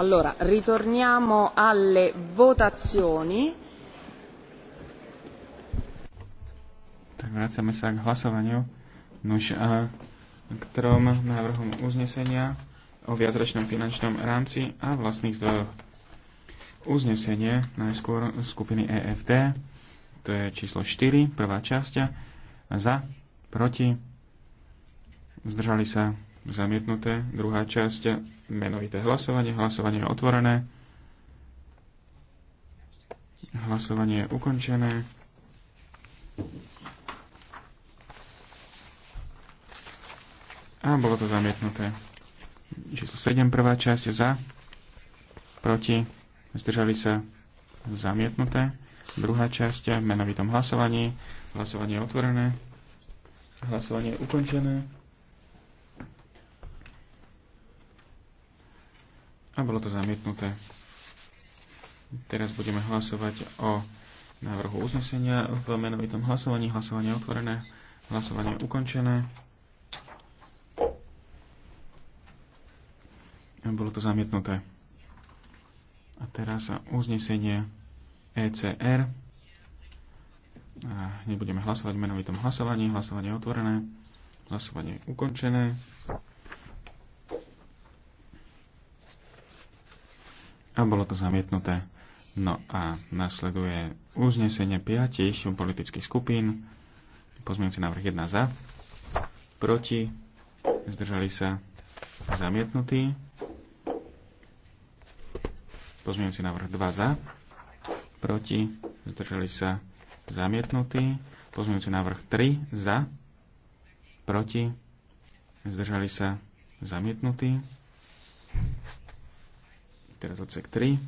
Allora, ritorniamo alle votazioni. Tak vracame sa k hlasovaniu. nož a k trom návrhom uznesenia o viacročnom finančnom rámci a vlastných zdrojoch. Uznesenie najskôr skupiny EFD, to je číslo 4, prvá časť, za, proti, zdržali sa, zamietnuté, druhá časť, menovité hlasovanie. Hlasovanie je otvorené. Hlasovanie je ukončené. A bolo to zamietnuté. Číslo 7, prvá časť za, proti, zdržali sa zamietnuté. Druhá časť v menovitom hlasovaní. Hlasovanie je otvorené. Hlasovanie je ukončené. a bolo to zamietnuté. Teraz budeme hlasovať o návrhu uznesenia v menovitom hlasovaní. Hlasovanie otvorené, hlasovanie ukončené. A bolo to zamietnuté. A teraz uznesenie ECR. A nebudeme hlasovať v menovitom hlasovaní. Hlasovanie otvorené, hlasovanie ukončené. a bolo to zamietnuté. No a nasleduje uznesenie piatich politických skupín. Pozmienci návrh 1 za, proti, zdržali sa zamietnutí. Pozmienci návrh 2 za, proti, zdržali sa zamietnutí. Pozmienci návrh 3 za, proti, zdržali sa zamietnutí teraz odsek 3,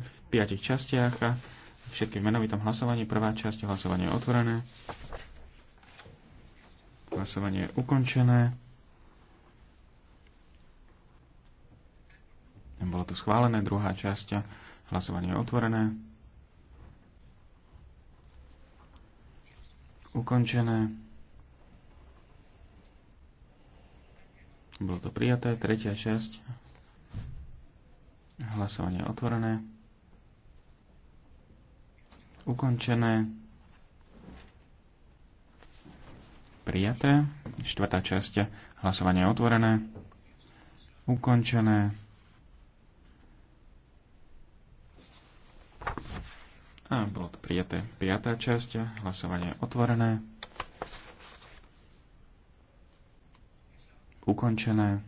v piatich častiach a všetky menovitom hlasovaní. Prvá časť hlasovanie je otvorené. Hlasovanie je ukončené. Bolo to schválené. Druhá časť hlasovanie je otvorené. Ukončené. Bolo to prijaté. Tretia časť Hlasovanie otvorené. Ukončené. Prijaté. Štvrtá časť. Hlasovanie otvorené. Ukončené. A bolo to prijaté. Piatá časť. Hlasovanie otvorené. Ukončené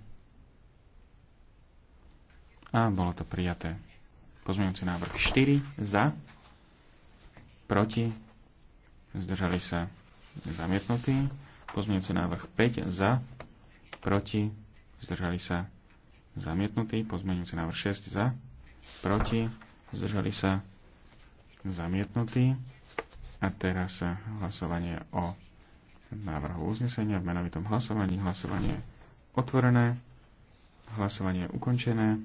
a bolo to prijaté. Pozmeňujúci návrh 4 za, proti, zdržali sa zamietnutí. Pozmeňujúci návrh 5 za, proti, zdržali sa zamietnutí. Pozmeňujúci návrh 6 za, proti, zdržali sa zamietnutí. A teraz hlasovanie o návrhu uznesenia v menovitom hlasovaní. Hlasovanie otvorené, hlasovanie ukončené.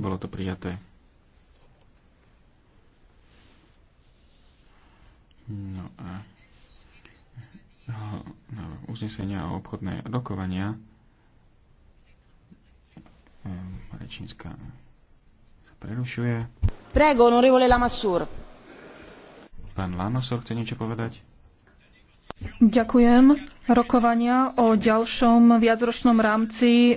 bolo to prijaté. No a uznesenia o obchodné rokovania ehm, rečnícka sa prerušuje. Prego, onorevole Lamassur. Pán Lamassur chce niečo povedať? Ďakujem. Rokovania o ďalšom viacročnom rámci e,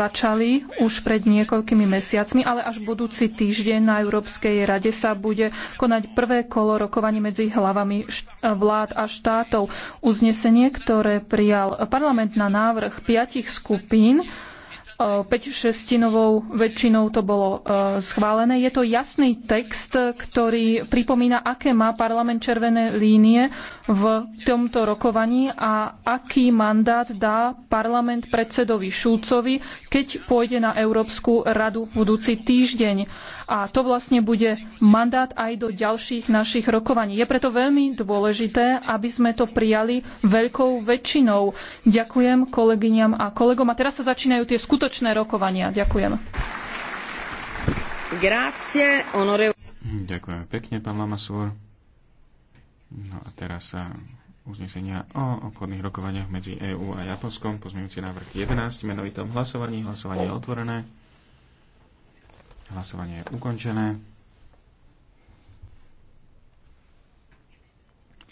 začali už pred niekoľkými mesiacmi, ale až budúci týždeň na Európskej rade sa bude konať prvé kolo rokovaní medzi hlavami e, vlád a štátov. Uznesenie, ktoré prijal parlament na návrh piatich skupín, 5-šestinovou väčšinou to bolo e, schválené. Je to jasný text, ktorý pripomína, aké má parlament červené línie v tomto rokovaní a aký mandát dá parlament predsedovi Šulcovi, keď pôjde na Európsku radu budúci týždeň. A to vlastne bude mandát aj do ďalších našich rokovaní. Je preto veľmi dôležité, aby sme to prijali veľkou väčšinou. Ďakujem kolegyňam a kolegom. A teraz sa začínajú tie skutočné skutočné rokovania. Ďakujem. Grazie, onore... Ďakujem pekne, pán Lamasúr. No a teraz sa uznesenia o obchodných rokovaniach medzi EÚ a Japonskom, pozmeňujúci návrh 11, menovitom hlasovaní, hlasovanie je otvorené, hlasovanie je ukončené,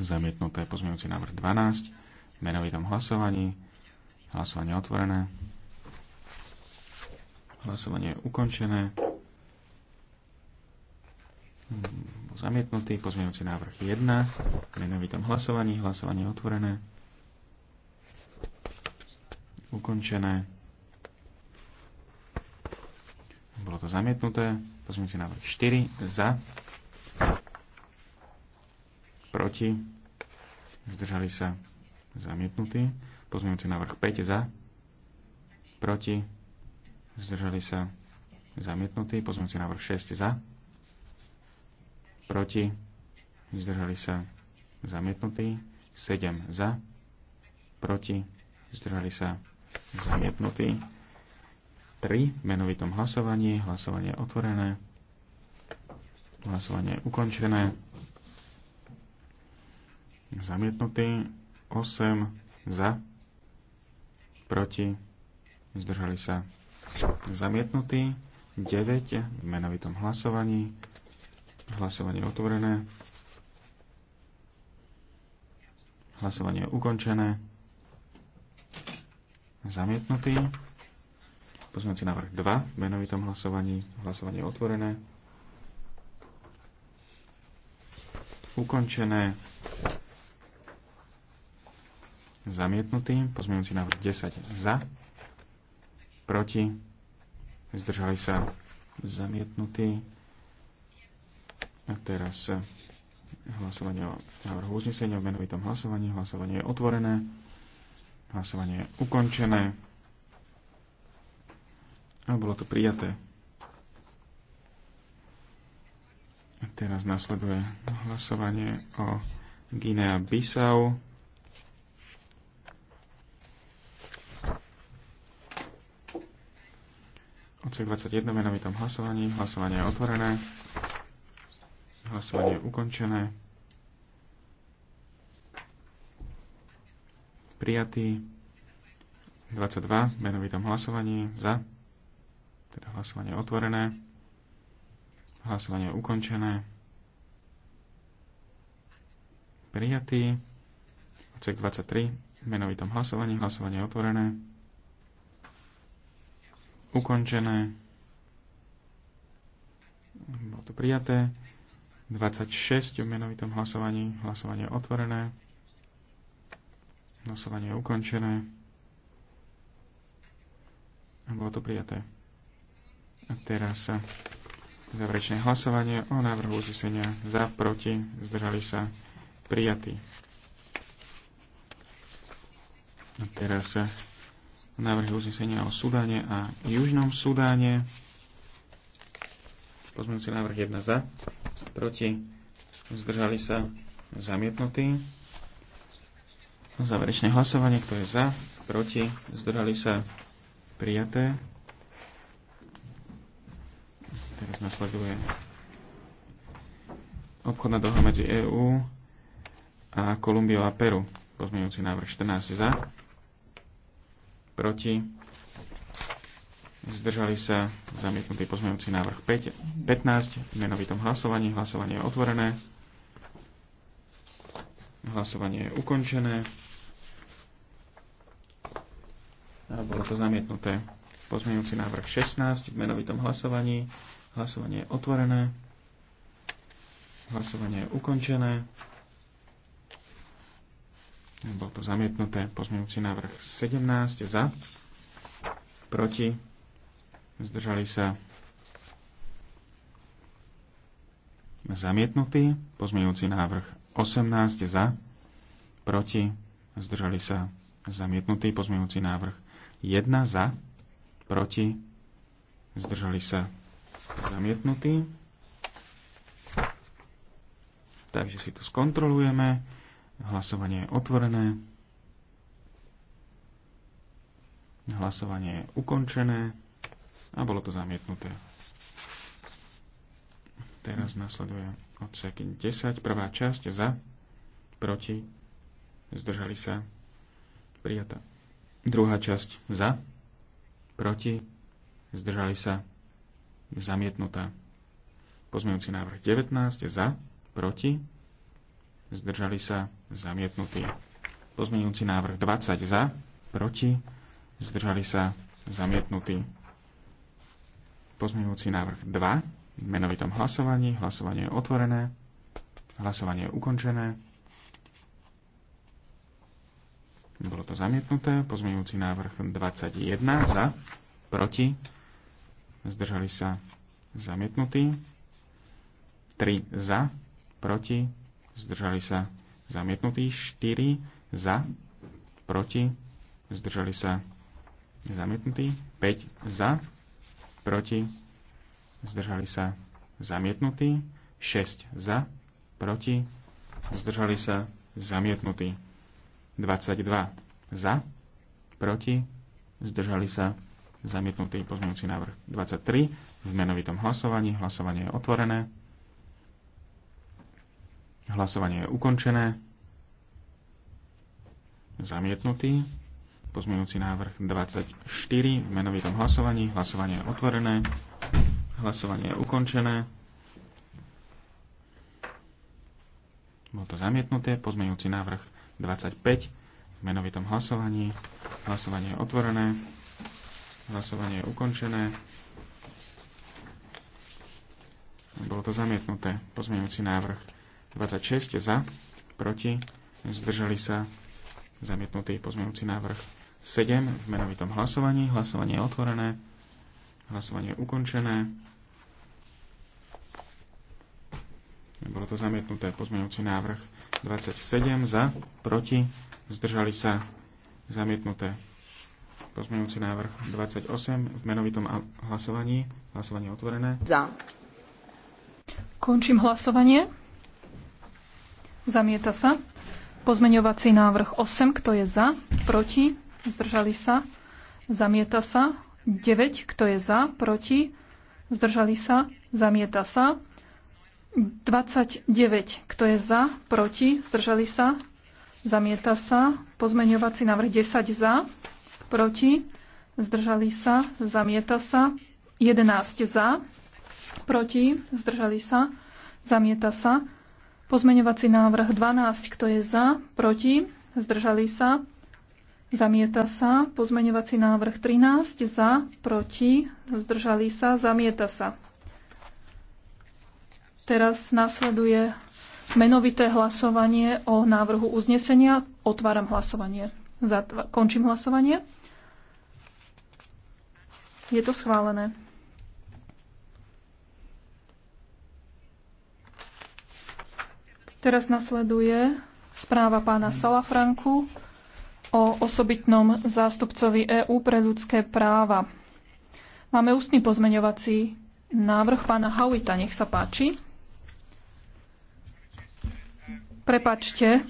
zamietnuté pozmeňujúci návrh 12, menovitom hlasovaní, hlasovanie je otvorené, Hlasovanie je ukončené. Zamietnutý pozmeňujúci návrh 1. Menovitom hlasovaní. Hlasovanie je otvorené. Ukončené. Bolo to zamietnuté. Pozmeňujúci návrh 4. Za. Proti. Zdržali sa. Zamietnutý. Pozmeňujúci návrh 5. Za. Proti zdržali sa zamietnutí, pozmeňujúci návrh 6 za, proti, zdržali sa zamietnutí, 7 za, proti, zdržali sa zamietnutí, 3 v menovitom hlasovaní, hlasovanie je otvorené, hlasovanie je ukončené, zamietnutý, 8 za, proti, zdržali sa zamietnutý. 9 v menovitom hlasovaní. Hlasovanie je otvorené. Hlasovanie je ukončené. Zamietnutý. Pozmeňujúci návrh 2 v menovitom hlasovaní. Hlasovanie je otvorené. Ukončené. Zamietnutý. Pozmeňujúci návrh 10 za proti, zdržali sa zamietnutí. A teraz hlasovanie o návrhu uznesenia o menovitom hlasovaní. Hlasovanie je otvorené. Hlasovanie je ukončené. A bolo to prijaté. A teraz nasleduje hlasovanie o Guinea-Bissau. Odsek 21 menovitom hlasovaní. Hlasovanie je otvorené. Hlasovanie je ukončené. Prijatý 22 menovitom hlasovaní za. Teda hlasovanie je otvorené. Hlasovanie je ukončené. Prijatý. Odsek 23 menovitom hlasovaní. Hlasovanie je otvorené ukončené. Bolo to prijaté. 26 v menovitom hlasovaní. Hlasovanie je otvorené. Hlasovanie je ukončené. A bolo to prijaté. A teraz sa záverečné hlasovanie o návrhu uznesenia za, proti, zdržali sa, prijatí. A teraz sa návrhy uznesenia o Sudáne a Južnom Sudáne. Pozmeňujúci návrh 1 za, proti, zdržali sa zamietnutí. Záverečné hlasovanie, kto je za, proti, zdržali sa prijaté. Teraz nasleduje obchodná dohoda medzi EÚ a Kolumbiou a Peru. Pozmeňujúci návrh 14 za, proti, zdržali sa zamietnutý pozmeňujúci návrh 5, 15 v menovitom hlasovaní. Hlasovanie je otvorené. Hlasovanie je ukončené. A bolo to zamietnuté pozmeňujúci návrh 16 v menovitom hlasovaní. Hlasovanie je otvorené. Hlasovanie je ukončené. Bol to zamietnuté. Pozmeňujúci návrh 17 za. Proti. Zdržali sa. Zamietnutý. Pozmeňujúci návrh 18 za. Proti. Zdržali sa. Zamietnutý. Pozmeňujúci návrh 1 za. Proti. Zdržali sa. Zamietnutý. Takže si to skontrolujeme. Hlasovanie je otvorené. Hlasovanie je ukončené a bolo to zamietnuté. Teraz nasleduje odsek 10, prvá časť za, proti, zdržali sa, prijata. Druhá časť za, proti, zdržali sa, zamietnutá. Pozmejúci návrh 19 za, proti, zdržali sa, zamietnutý. Pozmeňujúci návrh 20 za, proti, zdržali sa, zamietnutý. Pozmeňujúci návrh 2 v menovitom hlasovaní. Hlasovanie je otvorené. Hlasovanie je ukončené. Bolo to zamietnuté. Pozmeňujúci návrh 21 za, proti, zdržali sa, zamietnutý. 3 za, proti, zdržali sa zamietnutí, 4 za, proti, zdržali sa zamietnutí, 5 za, proti, zdržali sa zamietnutí, 6 za, proti, zdržali sa zamietnutí, 22 za, proti, zdržali sa zamietnutý pozmeňujúci návrh 23 v menovitom hlasovaní. Hlasovanie je otvorené. Hlasovanie je ukončené. Zamietnutý. pozmenujúci návrh 24 v menovitom hlasovaní. Hlasovanie je otvorené. Hlasovanie je ukončené. Bolo to zamietnuté. pozmenujúci návrh 25 v menovitom hlasovaní. Hlasovanie je otvorené. Hlasovanie je ukončené. Bolo to zamietnuté. pozmenujúci návrh 26 za, proti, zdržali sa zamietnutý pozmeňujúci návrh 7 v menovitom hlasovaní. Hlasovanie je otvorené, hlasovanie je ukončené. Bolo to zamietnuté pozmeňujúci návrh 27 za, proti, zdržali sa zamietnuté pozmeňujúci návrh 28 v menovitom hlasovaní. Hlasovanie je otvorené. Za. Končím hlasovanie. Zamieta sa. Pozmeňovací návrh 8. Kto je za? Proti? Zdržali sa? Zamieta sa. 9. Kto je za? Proti? Zdržali sa? Zamieta sa. 29. Kto je za? Proti? Zdržali sa? Zamieta sa. Pozmeňovací návrh 10 za? Proti? Zdržali sa? Zamieta sa. 11 za? Proti? Zdržali sa? Zamieta sa. Pozmeňovací návrh 12, kto je za, proti, zdržali sa, zamieta sa. Pozmeňovací návrh 13, za, proti, zdržali sa, zamieta sa. Teraz nasleduje menovité hlasovanie o návrhu uznesenia. Otváram hlasovanie. Končím hlasovanie. Je to schválené. Teraz nasleduje správa pána Salafranku o osobitnom zástupcovi EÚ pre ľudské práva. Máme ústny pozmeňovací návrh pána Hauita. Nech sa páči. Prepačte,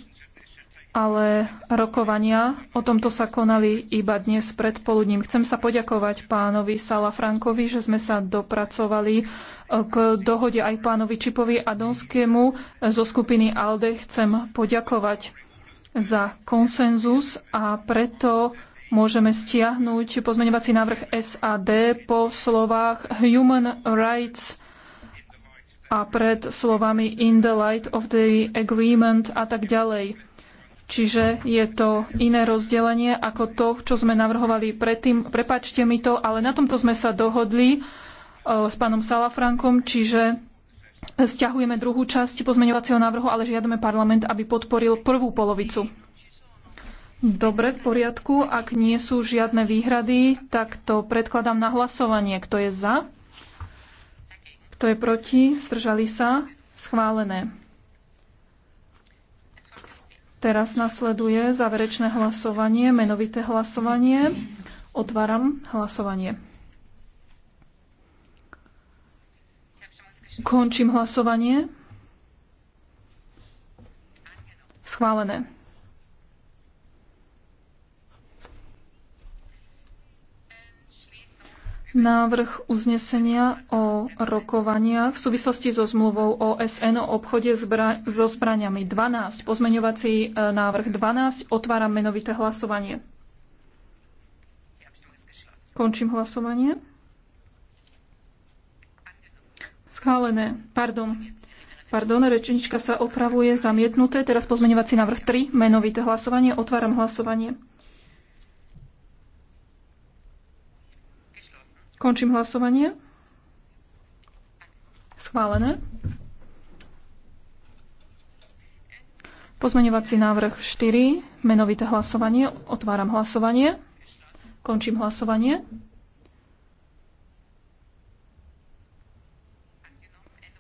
ale rokovania o tomto sa konali iba dnes predpoludním. Chcem sa poďakovať pánovi Sala Frankovi, že sme sa dopracovali e, k dohode aj pánovi Čipovi a Donskému zo skupiny ALDE. Chcem poďakovať za konsenzus a preto môžeme stiahnuť pozmeňovací návrh SAD po slovách Human Rights a pred slovami in the light of the agreement a tak ďalej. Čiže je to iné rozdelenie ako to, čo sme navrhovali predtým. Prepačte mi to, ale na tomto sme sa dohodli e, s pánom Salafrankom, čiže stiahujeme druhú časť pozmeňovacieho návrhu, ale žiadame parlament, aby podporil prvú polovicu. Dobre, v poriadku. Ak nie sú žiadne výhrady, tak to predkladám na hlasovanie. Kto je za? Kto je proti? Zdržali sa? Schválené. Teraz nasleduje záverečné hlasovanie, menovité hlasovanie. Otváram hlasovanie. Končím hlasovanie. Schválené. návrh uznesenia o rokovaniach v súvislosti so zmluvou OSN o obchode zbra- so zbraniami 12. Pozmeňovací e, návrh 12. Otváram menovité hlasovanie. Končím hlasovanie. Schválené. Pardon. Pardon, rečnička sa opravuje zamietnuté. Teraz pozmeňovací návrh 3. Menovité hlasovanie. Otváram hlasovanie. Končím hlasovanie. Schválené. Pozmeňovací návrh 4, menovité hlasovanie. Otváram hlasovanie. Končím hlasovanie.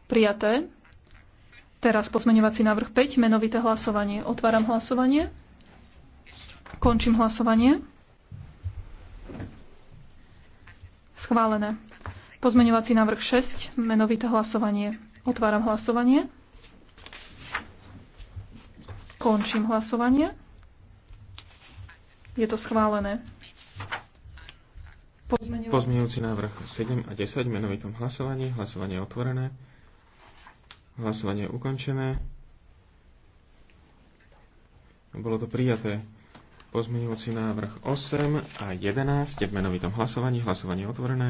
Prijaté. Teraz pozmeňovací návrh 5, menovité hlasovanie. Otváram hlasovanie. Končím hlasovanie. Schválené. Pozmeňovací návrh 6, menovité hlasovanie. Otváram hlasovanie. Končím hlasovanie. Je to schválené. Pozmeňujúci návrh 7 a 10 menovitom hlasovaní. Hlasovanie je otvorené. Hlasovanie je ukončené. Bolo to prijaté. Pozmeňujúci návrh 8 a 11 v menovitom hlasovaní. Hlasovanie je otvorené.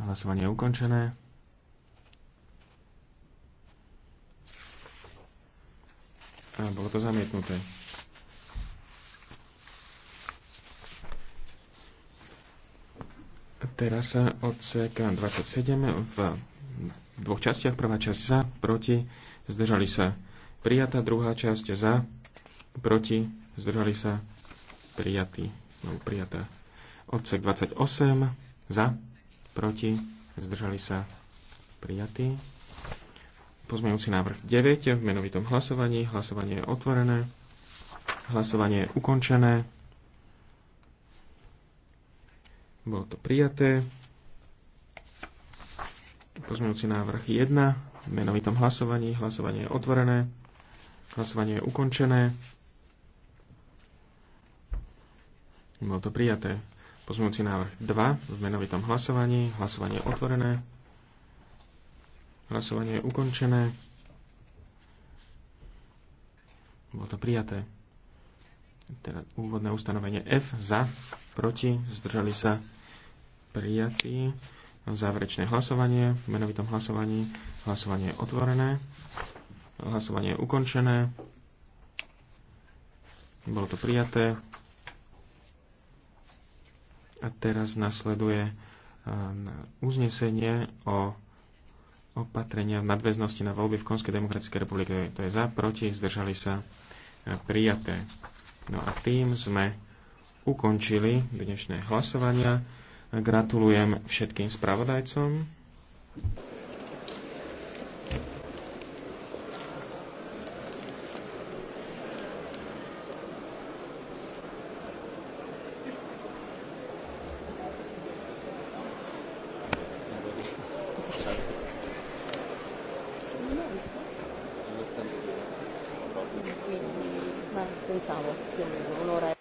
Hlasovanie je ukončené. A bolo to zamietnuté. Teraz sa odsek 27 v dvoch častiach. Prvá časť za, proti, zdržali sa prijatá, druhá časť za, proti, zdržali sa, prijatý, no, prijatá. Odsek 28, za, proti, zdržali sa, prijatý. Pozmejúci návrh 9 v menovitom hlasovaní. Hlasovanie je otvorené. Hlasovanie je ukončené. Bolo to prijaté. Pozmejúci návrh 1 v menovitom hlasovaní. Hlasovanie je otvorené. Hlasovanie je ukončené. Bolo to prijaté. Pozmúci návrh 2 v menovitom hlasovaní. Hlasovanie je otvorené. Hlasovanie je ukončené. Bolo to prijaté. Teda úvodné ustanovenie F za, proti, zdržali sa prijatí. Záverečné hlasovanie v menovitom hlasovaní. Hlasovanie je otvorené. Hlasovanie je ukončené. Bolo to prijaté. A teraz nasleduje e, uznesenie o opatrenia v nadväznosti na voľby v Konskej demokratickej republike. To je za, proti, zdržali sa e, prijaté. No a tým sme ukončili dnešné hlasovania. Gratulujem všetkým spravodajcom. pensavo più o meno un'ora e